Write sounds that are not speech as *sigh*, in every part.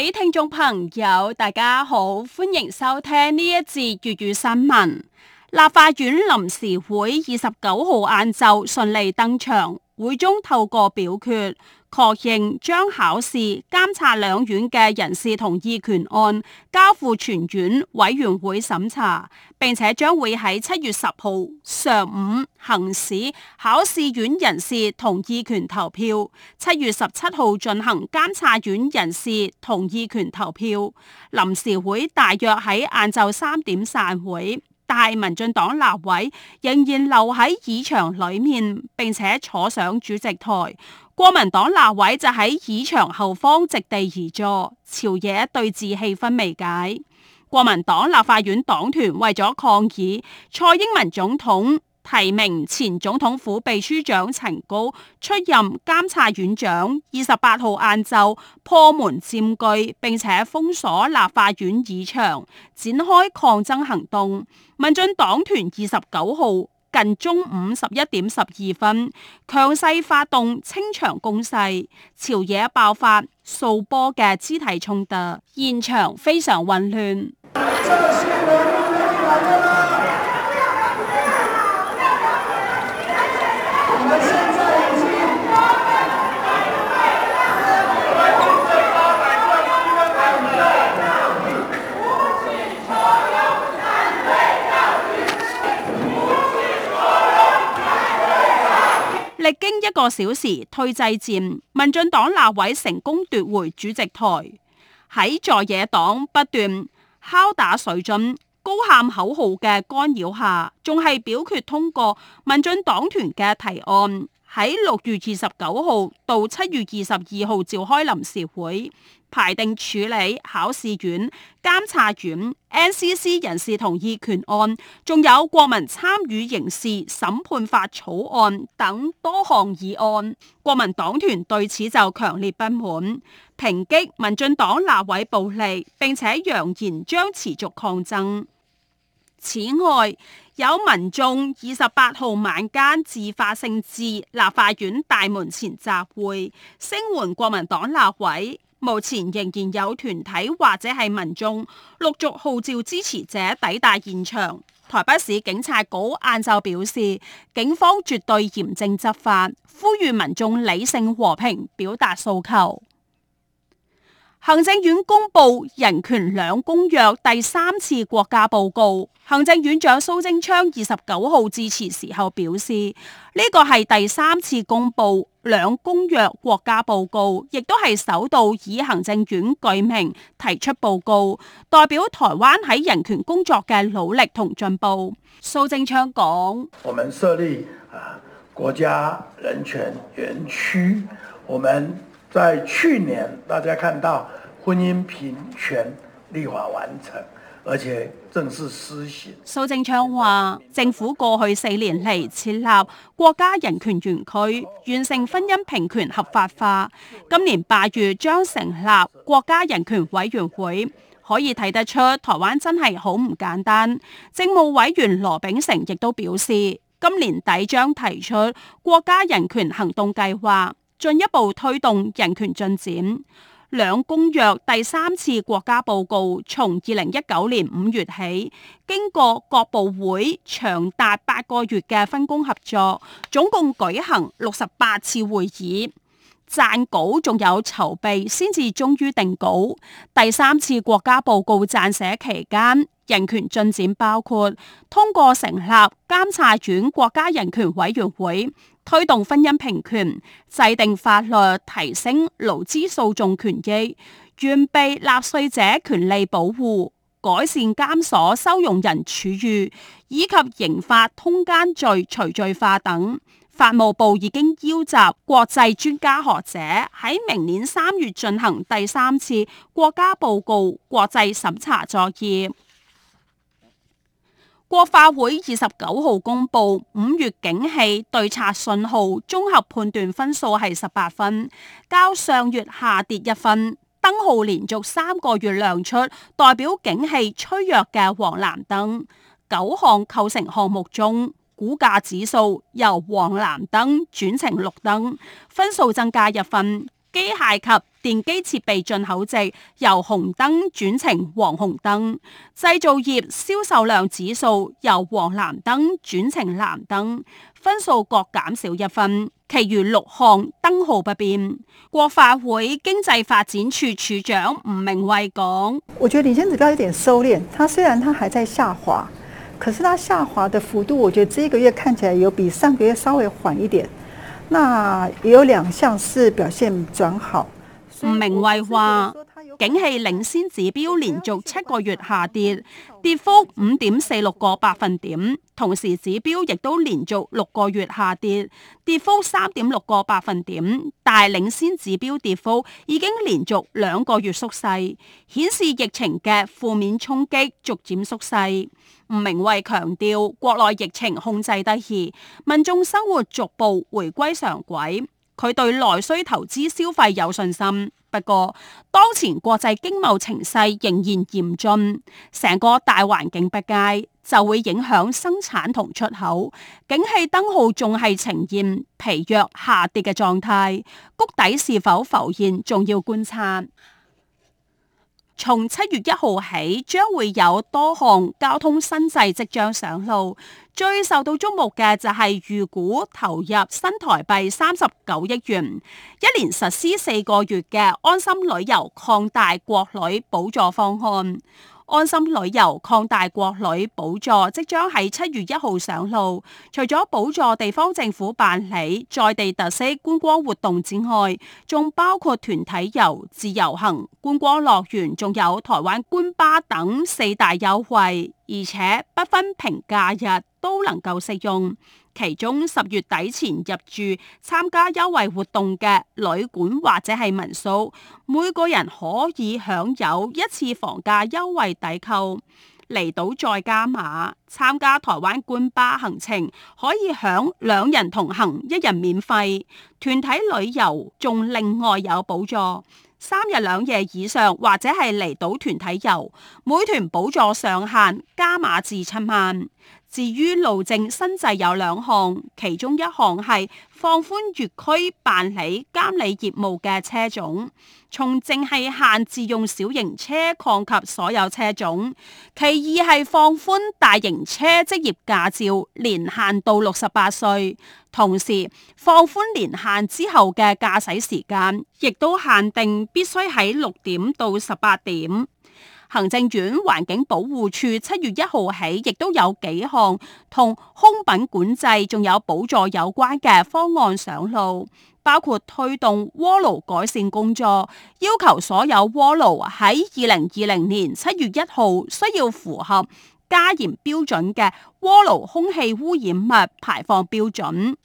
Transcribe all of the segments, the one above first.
各位聽眾朋友，大家好，歡迎收聽呢一節粵語新聞。立法院臨時會二十九號晏晝順利登場，會中透過表決。確認將考試監察兩院嘅人事同意權案交付全院委員會審查，並且將會喺七月十號上午行使考試院人事同意權投票，七月十七號進行監察院人事同意權投票。臨時會大約喺晏晝三點散會，但民進黨立委仍然留喺議場裏面，並且坐上主席台。國民黨立委就喺議場後方席地而坐，朝野對峙氣氛未解。國民黨立法院黨團為咗抗議蔡英文總統提名前總統府秘書長陳高出任監察院長，二十八號晏晝破門佔據並且封鎖立法院議場，展開抗爭行動。民進黨團二十九號。近中午十一點十二分，強勢發動清場攻勢，朝野爆發數波嘅肢體衝突，現場非常混亂。 *noise* 個小時退制戰，民進黨立委成功奪回主席台。喺在，在野黨不斷敲打水樽、高喊口號嘅干擾下，仲係表決通過民進黨團嘅提案。喺六月二十九號到七月二十二號召開臨時會，排定處理考試院、監察院、NCC 人事同意權案，仲有國民參與刑事審判法草案等多項議案。國民黨團對此就強烈不滿，抨擊民進黨立委暴力，並且揚言將持續抗爭。此外，有民眾二十八號晚間自發性至立法院大門前集會，聲援國民黨立委。目前仍然有團體或者係民眾陸續號召支持者抵達現場。台北市警察局晏晝表示，警方絕對嚴正執法，呼籲民眾理性和平表達訴求。行政院公布《人權兩公約》第三次國家報告，行政院長蘇貞昌二十九號致辭時候表示，呢個係第三次公布《兩公約》國家報告，亦都係首度以行政院具名提出報告，代表台灣喺人權工作嘅努力同進步。蘇貞昌講：我們設立國家人權園區，我們。在去年，大家看到婚姻平權立法完成，而且正式施行。蘇貞昌話：政府過去四年嚟設立國家人權園區，完成婚姻平權合法化。今年八月將成立國家人權委員會，可以睇得出台灣真係好唔簡單。政務委員羅秉成亦都表示，今年底將提出國家人權行動計劃。進一步推動人權進展。兩公約第三次國家報告從二零一九年五月起，經過各部會長達八個月嘅分工合作，總共舉行六十八次會議。撰稿仲有籌備，先至終於定稿。第三次國家報告撰寫期間，人權進展包括通過成立監察院國家人權委員會，推動婚姻平權，制定法律提升勞資訴訟權益，完備納稅者權利保護，改善監所收容人處遇，以及刑法通姦罪除罪化等。法務部已經邀集國際專家學者，喺明年三月進行第三次國家報告國際審查作業。國發會二十九號公佈五月景氣對策信號綜合判斷分數係十八分，較上月下跌一分。燈號連續三個月亮出，代表景氣趨弱嘅黃藍燈。九項構成項目中。股價指數由黃藍燈轉成綠燈，分數增加一分；機械及電機設備進口值由紅燈轉成黃紅燈；製造業銷售量指數由黃藍燈轉成藍燈，分數各減少一分。其餘六項燈號不變。國發會經濟發展處處長吳明慧講，我覺得領先指標有點收斂，它雖然它還在下滑。可是它下滑的幅度，我覺得這個月看起來有比上個月稍微緩一點。那也有兩項是表現轉好。明景氣領先指標連續七個月下跌，跌幅五點四六個百分點；同時指標亦都連續六個月下跌，跌幅三點六個百分點。但係領先指標跌幅已經連續兩個月縮細，顯示疫情嘅負面衝擊逐漸縮細。吳明蕙強調，國內疫情控制得宜，民眾生活逐步回歸常軌。佢對內需投資消費有信心，不過當前國際經貿情勢仍然嚴峻，成個大環境不佳就會影響生產同出口，景氣燈號仲係呈現疲弱下跌嘅狀態，谷底是否浮現仲要觀察。從七月一號起，將會有多項交通新制即將上路，最受到矚目嘅就係預估投入新台幣三十九億元，一年實施四個月嘅安心旅遊擴大國旅補助方案。安心旅遊擴大國旅補助即將喺七月一號上路，除咗補助地方政府辦理在地特色觀光活動之外，仲包括團體遊、自由行、觀光樂園，仲有台灣觀巴等四大優惠，而且不分平假日都能夠適用。其中十月底前入住參加優惠活動嘅旅館或者係民宿，每個人可以享有一次房價優惠抵扣。離島再加碼，參加台灣觀巴行程可以享兩人同行一人免費。團體旅遊仲另外有補助，三日兩夜以上或者係離島團體遊，每團補助上限加碼至七萬。至於路政新制有兩項，其中一項係放寬粵區辦理監理業務嘅車種，從淨係限自用小型車擴及所有車種；其二係放寬大型車職業駕照年限到六十八歲，同時放寬年限之後嘅駕駛時間，亦都限定必須喺六點到十八點。行政院環境保護署七月一號起，亦都有幾項同空品管制仲有補助有關嘅方案上路，包括推動鍋爐改善工作，要求所有鍋爐喺二零二零年七月一號需要符合加嚴標準嘅鍋爐空氣污染物排放標準。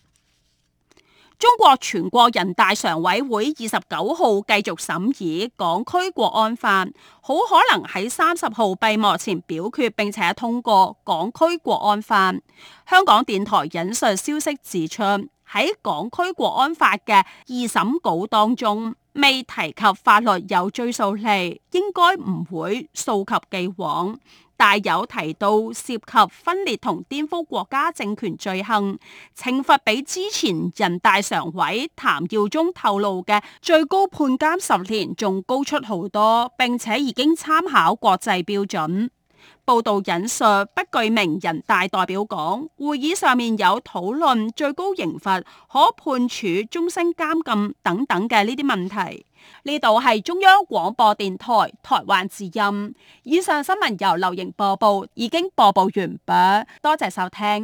中國全國人大常委會二十九號繼續審議港區國安法，好可能喺三十號閉幕前表決並且通過港區國安法。香港電台引述消息指出，喺港區國安法嘅二審稿當中，未提及法律有追溯力，應該唔會溯及既往。大有提到涉及分裂同顛覆國家政權罪行，懲罰比之前人大常委譚耀宗透露嘅最高判監十年仲高出好多，並且已經參考國際標準。報道引述不具名人大代表講，會議上面有討論最高刑罰可判處終身監禁等等嘅呢啲問題。呢度係中央廣播電台台灣之音。以上新聞由劉瑩播報，已經播報完畢，多謝收聽。